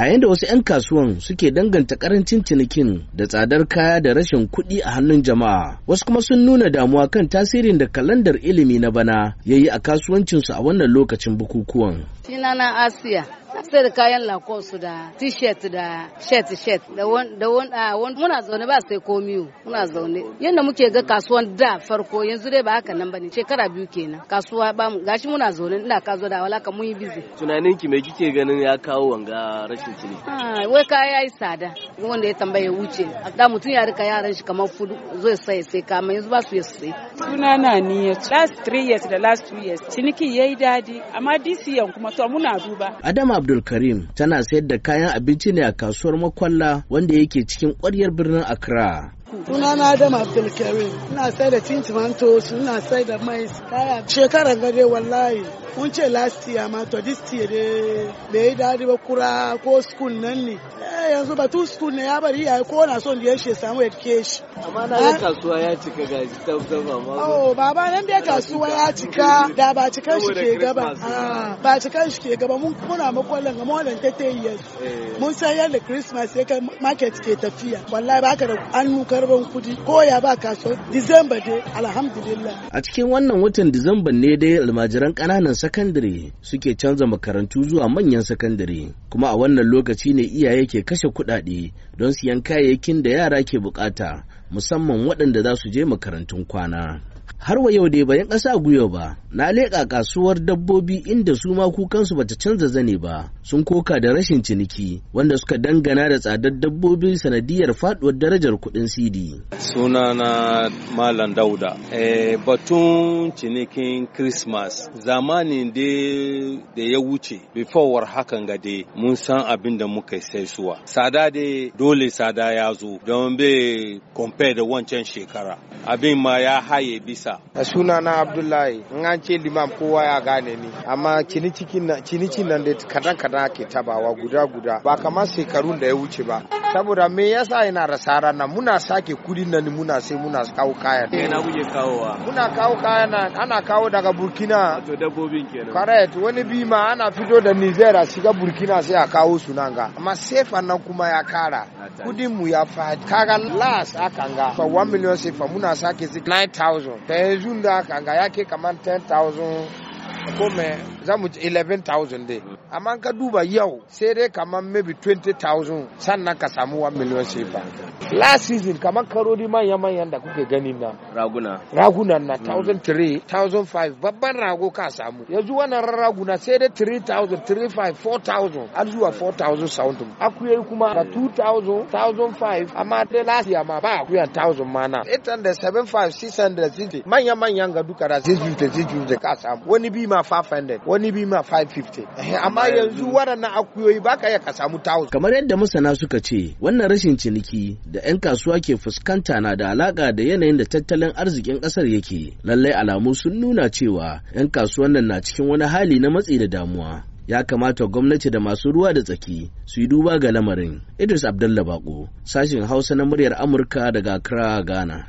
a da wasu 'yan kasuwan suke danganta karancin cinikin da tsadar kaya da rashin kuɗi a hannun jama'a wasu kuma sun nuna damuwa kan tasirin da kalandar ilimi na bana ya yi a kasuwancinsu a wannan lokacin bukukuwan. sinana Asiya. sai da kayan lakon su da t-shirt da shirt shirt da wani muna zaune ba sai komiyo muna zaune yadda muke ga kasuwan da farko yanzu dai ba haka nan bane shekara biyu kenan kasuwa ba gashi muna zaune ina ka zo da walaka mun yi bizi tunanin ki mai kike ganin ya kawo wanga rashin ah wai kaya yayi sada wanda ya tambaye wuce da mutun ya rika yaran shi kamar fudu zai sai sai kama yanzu ba su ya sai sunana ni ya last 3 years da last 2 years ciniki yayi dadi amma this year kuma to muna duba Adam Abdulkarim tana sayar da kayan abinci ne a kasuwar Makwalla wanda yake cikin ƙwaryar birnin Accra. uku. Suna na Adam Abdulkarim. Ina sai da cintimanto su ina sai da mai kaya. Shekaran gare wallahi. Mun ce last year ma to this year de. bai yi dadi ba kura ko school nan ne. Eh, yanzu batun school ne ya bari ya ko na son da ya shi samu education. Amma na yi kasuwa ya cika gaji tabbatar amma. Oh baba nan da kasuwa ya cika da ba cikan shi ke gaba. Ah, ba cikan shi ke gaba mun kuna makwallon ga mawallon ta ta yi Mun sayar da Christmas ya kai market ke tafiya. Wallahi ba ka da an nuka karban kudi ko ya ba kaso disamba dai alhamdulillah a cikin wannan watan disamba ne dai almajiran kananan sakandare suke canza makarantu zuwa manyan sakandare kuma a wannan lokaci ne iyaye ke kashe kudade don siyan kayayyakin da yara ke bukata musamman waɗanda za su je makarantun kwana har wa yau dai bayan ƙasa gwiwa ba na leƙa kasuwar dabbobi inda su ma kukansu bata canza zane ba sun koka da rashin ciniki wanda suka dangana da tsadar dabbobi sanadiyar faduwar darajar kuɗin cd sunana malam dauda e, batun cinikin christmas zamanin da da ya wuce before hakan ga dai mun san abin da muka sai suwa sada dai dole sada ya zo don bai compare da wancan shekara abin ma ya haye bisa A suna na abdullahi in an ce liman kowa ya gane ni amma cinicin nan da kadan kadan ake tabawa guda guda ba kamar shekarun da ya wuce ba saboda me yasa yana rasa na muna sake kudin nan muna sai muna kawo kaya na kuke kawowa muna kawo kaya na ana kawo daga burkina to dabbobin kenan correct wani bima ana fito da niger a shiga burkina sai a kawo su nan ga amma sefa nan kuma ya kara kudin mu ya fadi kaga last akan ga fa 1 million sai fa muna sake 9000 ta yanzu da akan ga yake kamar 10000 kome za mu 11,000 dai amma ka duba yau sai dai kamar maybe 20,000 sannan ka samu 1 million sefa last season kamar karodi manya-manyan da kuke gani na raguna raguna na 1,003 1,005 babban rago ka samu yanzu wannan raguna sai dai 3,000 3,500 4,000 har zuwa 4,000 sound akuyoyi kuma da 2,000 1,005 amma dai last year ma ba akuyan 1,000 mana 800 7,500 600 manya-manyan ga duka da 650 ka samu wani bi ma 500 wani bi ma 550 amma yanzu waɗannan akuyoyi ka iya ka samu tawo kamar yadda masana suka ce wannan rashin ciniki da 'yan kasuwa ke fuskanta na da alaƙa da yanayin da tattalin arzikin ƙasar yake lallai alamu sun nuna cewa 'yan kasuwan nan na cikin wani hali na matsi da damuwa ya kamata gwamnati da masu ruwa da tsaki su yi duba ga lamarin idris abdullah sashin hausa na muryar amurka daga accra ghana